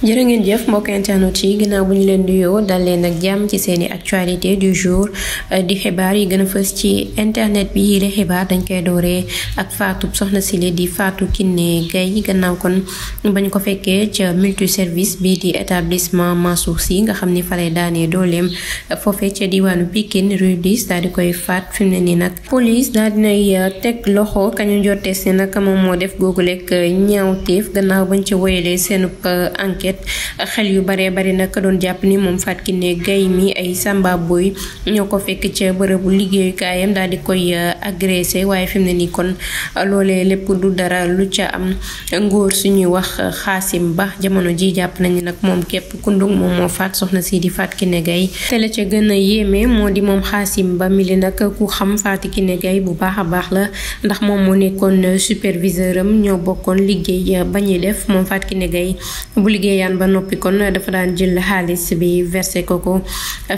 jërë ngeen jëf mbokk internet yi ginnaaw bu ñu leen nuyoo dal leen ak jàmm ci seeni actualité du jour eh, di xibaar yi gën a fës ci internet bi yi de xibaar dañ koy dooree ak faatu soxna si sile di faatu Kiné Gaye gannaaw kon bañ ko fekkee ca multi service bii di établissement Mansour Sy nga xam ni fale daanee dooleem eh, foofe ca diwaanu Pikine rue 10 di koy faat fi mu ne nii nag police daal dinay eh, teg loxo kañu jortees ni nag moom moo def googu lekk ñaawteef gannaaw bañ ca woyalee seenub enquête enquête xel yu baree bari nag doon jàpp ni moom Fatou ne gay mi ay Samba Boy ñoo ko fekk ca bërëbu liggéeyukaayam daal di koy euh, agressé waaye fi mu ne nii kon euh, loolee lépp du dara lu ca am ngóor suñuy wax euh, xaasim ba jamono ji jàpp nañu nag moom képp kundung moom moo faat soxna si di Fatou Kiné Gaye te la ca gën a yéeme moo di moom xaasim ba mi li nag ku xam ki ne gay bu baax a baax la ndax moom moo nekkoon superviseur am ñoo bokkoon liggéey ba ñuy def moom Fatou Kiné Viviane ba noppi kon dafa daan jël xaalis bi versé ko ko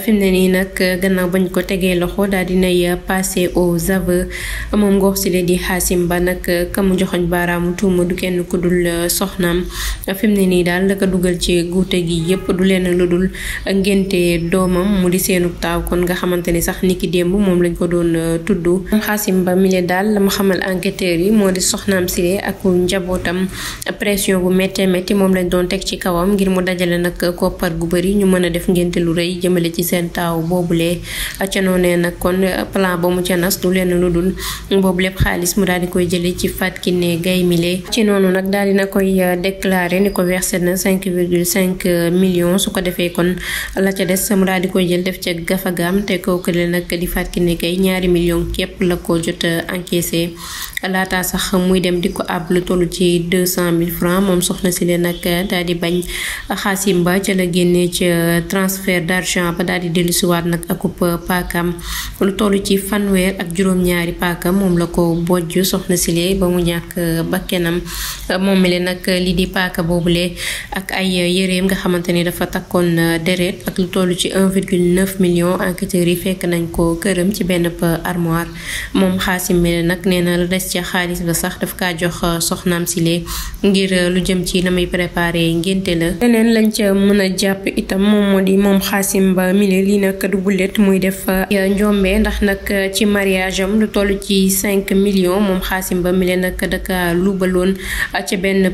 fi mu ne nii nag gannaaw bañ ko tegee loxo daal dinay passé aux aveux moom ngox si de di xaasim ba nag kamu joxoñ baaraamu tuuma du kenn ku dul euh, soxnaam fi mu ne nii daal la ko dugal ci guute gi yépp du leen lu dul ngénte doomam mu di seenu taaw kon nga xamante ni sax niki démb moom lañ ko doon euh, tudd moom xaasim ba mile daal la ma xamal enquêteurs yi moo di soxnaam si le ak njabootam pression bu méttee métti kawam ngir mu dajale nag koppar gu bëri ñu mën a def ngénte lu rëy jëmale ci seen taaw boobulee ca noonee nag kon plan ba mu ca nas du leen lu dul boobu lépp xaalis mu daal di koy jële ci Fatou Kiné Gaye mile ci noonu nag daal dina koy euh, déclaré ni ko versé na cinq virgule cinq euh, millions su ko defee kon la ca des mu di koy jël def ca gafagaam te kooku le nag di Fatou ne Gaye ñaari millions képp la ko jot encaissé laata sax muy dem di ko ab lu toll ci deux cent mille francs moom soxna si leen nag daal di bañ ci Xaasim Ba ca la génnee ca transfert d'argent ba daal di dellusiwaat nag akub paakam lu toll ci fanweer ak juróom-ñaari paakam moom la ko bojj soxna Sile ba mu ñàkk moom mi nag li di paaka boobu boobule ak ay yëreem nga xamante ni dafa takkoon deret ak lu toll ci 1,9 million enquêteurs yi fekk nañ ko këram ci benn armoire moom Xaasim mi nag nee na la des ci xaalis ba sax daf kaa jox soxnaam Sile ngir lu jëm ci na muy préparé ngénte jongante la leneen lañ ca mën a jàpp itam moom moo di moom Xaasim Ba mile lii nag du bulet muy def njombe ndax nag ci mariage am lu toll ci cinq millions moom Xaasim Ba mile nag daka baloon ci benn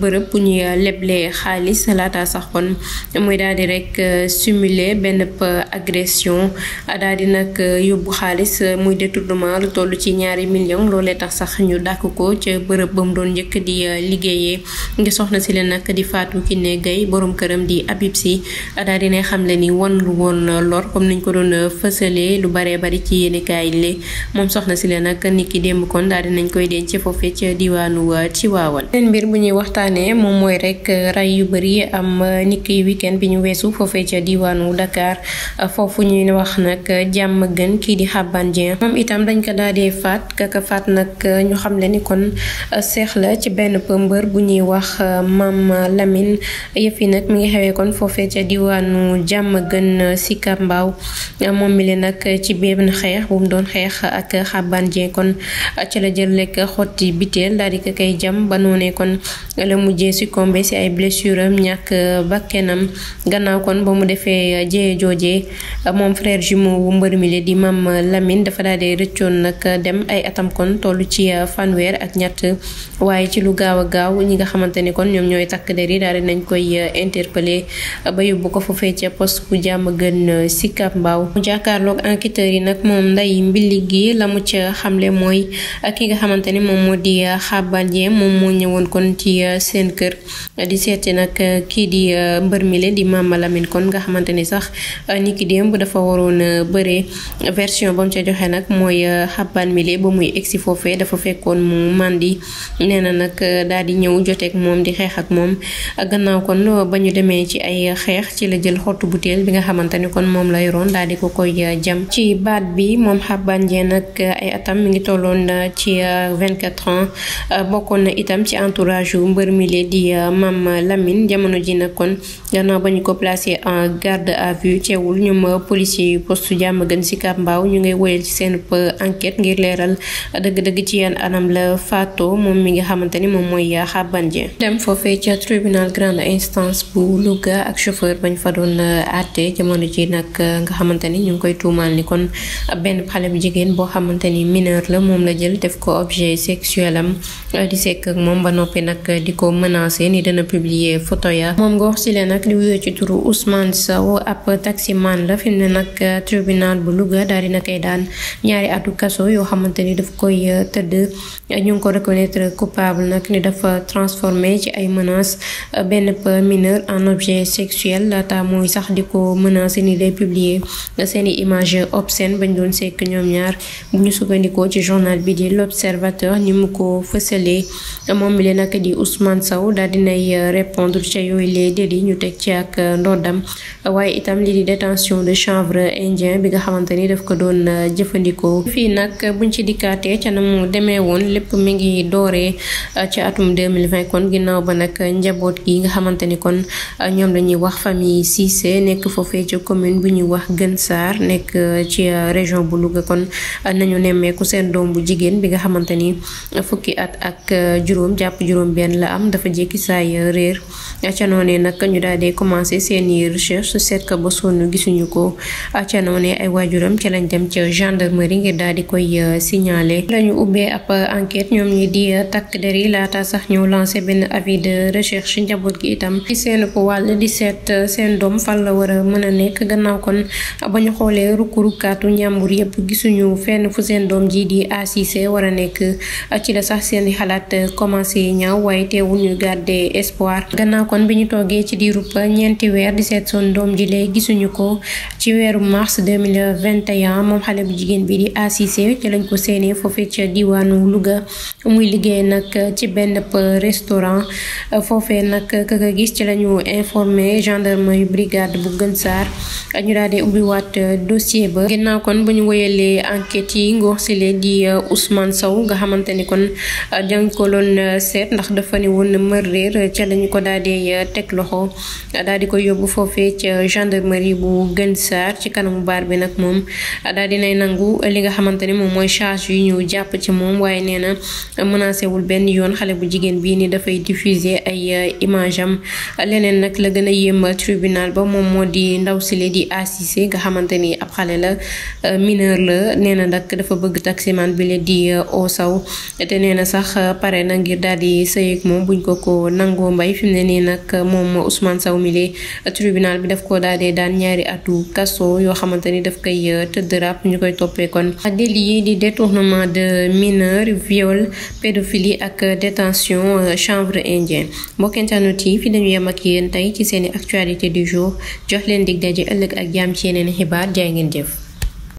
bërëb bu ñuy leble xaalis laata sax kon muy daal di rek simuler benn agression daal di nag yóbbu xaalis muy détournement lu toll ci ñaari millions loolee tax sax ñu dàkk ko ca bërëb ba mu doon njëkk di liggéeyee ngi soxna si leen nag di faatu ki Kiné Gaye borom këram di Habib Sy daal dina xamle ni wan lu woon lor comme niñ ko doon fësalee lu baree bari ci yéenekaay li moom soxna si la nag nit ki démb kon daal dinañ koy denc foofee ca diwaanu Tiwaawan beneen mbir bu ñuy waxtaanee moom mooy rek ray yu bëri am nit ki bi ñu weesu foofee ca diwaanu Dakar foofu ñuy wax nag jàmm gën kii di Xaban Dieng moom itam dañ ko daal di faat kaka faat nag ñu xamle ni kon seex ci benn pëmbër bu ñuy wax Mame Lamine yëpp yi nag mi ngi xewee kon foofee ca diwaanu jàmm gën si kambaaw moom mi leen nag ci benn xeex bu mu doon xeex ak xàbban jee kon ca la jël lekk xotti biteel daal di ko kay jam ba noonee kon la mujjee succombé si ay blessure am ñàkk bakkenam gannaaw kon ba mu defee jeye moom frère jumeau mbër mi di mam Lamine dafa daal di rëccoon nag dem ay atam kon tollu ci fanweer ak ñett waaye ci lu gaaw a gaaw ñi nga xamante ni kon ñoom ñooy takk der yi daal nañ koy euh, interpellé euh, ba yóbbu ko foofee ca poste bu jàmm gën euh, Sicap Mbao mu jàkkaarloog enquêteurs yi nag moom nday mbili gi la mu ca xamle mooy ki nga xamante ni moom moo di xaabal jee moom moo ñëwoon kon ci seen kër di seeti nag kii di mbër mile di Mama Lamine kon nga xamante ni sax ni ki démb dafa waroon bëree version ba mu joxe nag mooy xaabal mile ba muy egsi foofee dafa fekkoon mu màndi nee nag daal di ñëw joteeg moom di xeex ak moom gannaaw kon ba ñu demee ci ay xeex ci la jël xottu butéel bi nga xamante ni kon moom la yoroon daal di ko koy uh, jam ci baat bi moom Xaban Dieng nag uh, ay atam mi ngi tolloon uh, ci vingt quatre ans bokkoon na itam ci entourage yu mbër mi di Mame Lamine jamono ji nag kon gannaaw ba ñu ko placé en garde à vue teewul ñoom policier yu poste Diamaguène Sicap Mbao ñu ngay woyal ci seen enquête ngir leeral dëgg-dëgg ci yan anam la faatoo moom mi nga xamante ni moom mooy Xaban Dieng dem foofee ca tribunal grande instance bu Louga ak chauffeur bañ fa doon eh, eh, nga xamante ni ñu ngi koy tuumaal ni kon benn bu jigéen boo xamante ni mineur la moom la jël def ko objet sexuel am eh, di sekk moom ba noppi nag di ko menacer ni dana publier photo ya moom Ngor Sylla nag di wuyoo ci turu Ousmane Sow ab taximan la fi ne nag tribunal bu luga daal di na daan ñaari atu kaso yoo xamante ni daf koy tëdd ñu ngi ko reconnaître coupable nag ni dafa transformé ci ay menaces. benn mineur en objet sexuel laata mooy sax di ko menacer ni day publier seeni image obscène bañ doon sekk ñoom ñaar bu ñu sukkandikoo ci journal bi di l'observateur ni mu ko fësalee moom bi leen ak di Ousmane Sow daal dinay répondre ca yooyu les délits ñu teg ci ak ndoddam waaye itam li di détention de chanvre indien bi nga xamante ni daf ko doon jëfandikoo fii nag buñ ci dikkaatee ca na mu demee woon lépp mi ngi dooree ci atum 2020 mille ginnaaw ba nga xamante ni kon euh, ñoom dañuy wax famille Cissé nekk foofee ci commune bu ñuy wax Gën Saar nekk euh, ci euh, région bu Louga kon nañu nemmeeku seen doom bu jigéen bi nga xamante ni fukki at ak juróom jàpp juróom benn la am dafa jékki saay réer ca noonee nag ñu daal di commencé seeni recherche su seet ba sonn gisuñu ko ca noonee ay waajuram ca lañ dem ca gendarmerie ngir daal di koy signaler lañu ubbee ab enquête ñoom ñi di takk der yi laata sax ñu lancé benn avis de recherche njaboot njaboot gi itam ci seen ko wàll di seet euh, seen doom fan la war a mën a nekk gannaaw kon ba ñu xoolee rukk-rukkaatu njàmbur yépp gisuñu fenn fu seen doom ji di Cissé war a nekk ci la sax seen xalaat euh, commencé ñaw waaye teewul ñu garder espoir gannaaw kon bi ñu toogee ci diirub ñeenti weer di seet son doom ji lay gisuñu ko ci weeru mars 2021 moom xale bu jigéen bi di Cissé ci lañ ko séenee foofee ca diwaanu Louga muy liggéey nag ci benn euh, restaurant foofee kaka gis ci lañu informé gendarmerie brigade bu Gën Saar ñu daal di ubbiwaat euh, dossier ba ginnaaw kon ba ñu wéyalee enquête yi ngor si lee di euh, Ousmane Sow nga xamante ni kon euh, dañ ko loon seet ndax dafa ne woon mër réer ca lañu ko daal di teg loxo daal di ko yóbbu foofee ca gendarmerie bu Gën Saar ci kanamu baar bi nag moom daal dinay nangu li nga xamante moom mooy charge yu ñu jàpp ci moom waaye nee na benn yoon xale bu jigéen mariage leneen nag la gën a yéemal tribunal ba moom moo di ndaw sile di assisé nga xamante ni ab xale la euh, mineur la nee na nag dafa bëgg taximan bi la di euh, oo saw te nee na sax euh, pare na ngir daal di sëyeeg moom buñ ko ko nangoo mbay fi mu ne nii nag moom Ousmane Saw mi lee tribunal bi daf ko daal di daan ñaari atu kaso yoo xamante ni daf koy tëdd rap ñu koy toppee kon délit yi di détournement de mineur viol pédophilie ak détention chanvre indien mbokk internet yi fi dañu yem ak yéen tey ci seeni actualité du jour jox leen dig daje ëllëg ak jaam ci yeneen xibaar jaay ngeen jëf